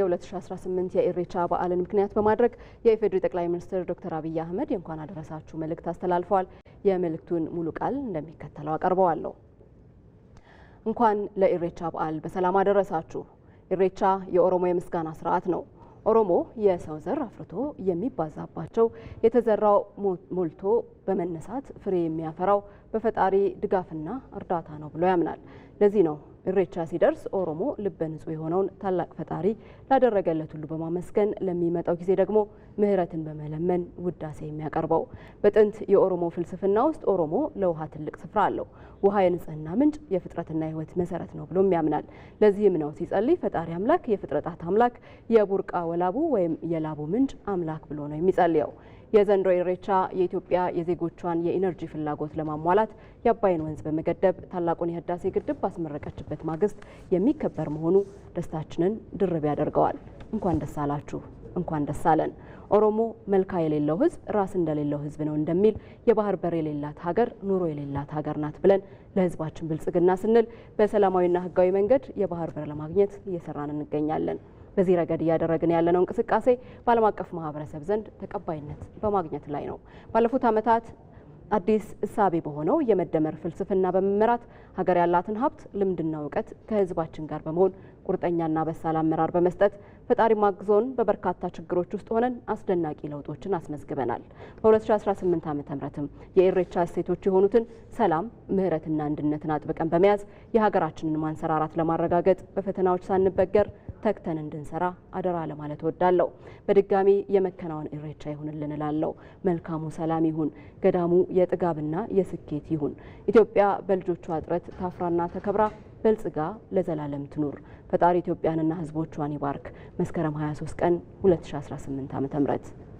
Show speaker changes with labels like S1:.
S1: የ2018 የኢሬቻ በዓልን ምክንያት በማድረግ የኢፌዴሪ ጠቅላይ ሚኒስትር ዶክተር አብይ አህመድ የእንኳን አደረሳችሁ መልእክት አስተላልፈዋል። የመልእክቱን ሙሉ ቃል እንደሚከተለው አቀርበዋለሁ። እንኳን ለኢሬቻ በዓል በሰላም አደረሳችሁ። ኢሬቻ የኦሮሞ የምስጋና ስርዓት ነው። ኦሮሞ የሰው ዘር አፍርቶ የሚባዛባቸው የተዘራው ሞልቶ በመነሳት ፍሬ የሚያፈራው በፈጣሪ ድጋፍና እርዳታ ነው ብሎ ያምናል። ለዚህ ነው እሬቻ ሲደርስ ኦሮሞ ልበ ንጹህ የሆነውን ታላቅ ፈጣሪ ላደረገለት ሁሉ በማመስገን ለሚመጣው ጊዜ ደግሞ ምህረትን በመለመን ውዳሴ የሚያቀርበው በጥንት የኦሮሞ ፍልስፍና ውስጥ ኦሮሞ ለውሃ ትልቅ ስፍራ አለው። ውሃ የንጽህና ምንጭ፣ የፍጥረትና የህይወት መሰረት ነው ብሎም ያምናል። ለዚህም ነው ሲጸልይ ፈጣሪ አምላክ የፍጥረታት አምላክ የቡርቃ ወላቡ ወይም የላቡ ምንጭ አምላክ ብሎ ነው የሚጸልየው። የዘንድሮ ኢሬቻ የኢትዮጵያ የዜጎቿን የኢነርጂ ፍላጎት ለማሟላት የአባይን ወንዝ በመገደብ ታላቁን የህዳሴ ግድብ ባስመረቀችበት በሚውልበት ማግስት የሚከበር መሆኑ ደስታችንን ድርብ ያደርገዋል። እንኳን ደስ አላችሁ፣ እንኳን ደስ አለን። ኦሮሞ መልካ የሌለው ህዝብ ራስ እንደሌለው ህዝብ ነው እንደሚል የባህር በር የሌላት ሀገር ኑሮ የሌላት ሀገር ናት ብለን ለህዝባችን ብልጽግና ስንል በሰላማዊና ህጋዊ መንገድ የባህር በር ለማግኘት እየሰራን እንገኛለን። በዚህ ረገድ እያደረግን ያለነው እንቅስቃሴ በዓለም አቀፍ ማህበረሰብ ዘንድ ተቀባይነት በማግኘት ላይ ነው። ባለፉት ዓመታት አዲስ እሳቤ በሆነው የመደመር ፍልስፍና በመመራት ሀገር ያላትን ሀብት ልምድና እውቀት ከህዝባችን ጋር በመሆን ቁርጠኛና በሳል አመራር በመስጠት ፈጣሪ ማግዞን በበርካታ ችግሮች ውስጥ ሆነን አስደናቂ ለውጦችን አስመዝግበናል። በ2018 ዓ ም የኢሬቻ እሴቶች የሆኑትን ሰላም፣ ምህረትና አንድነትን አጥብቀን በመያዝ የሀገራችንን ማንሰራራት ለማረጋገጥ በፈተናዎች ሳንበገር ተግተን እንድንሰራ አደራ ለማለት እወዳለሁ። በድጋሚ የመከናወን ኢሬቻ ይሁንልን እላለሁ። መልካሙ ሰላም ይሁን፣ ገዳሙ የጥጋብና የስኬት ይሁን። ኢትዮጵያ በልጆቿ ጥረት ታፍራና ተከብራ በልጽጋ ለዘላለም ትኑር። ፈጣሪ ኢትዮጵያንና ህዝቦቿን ይባርክ። መስከረም 23 ቀን 2018 ዓ.ም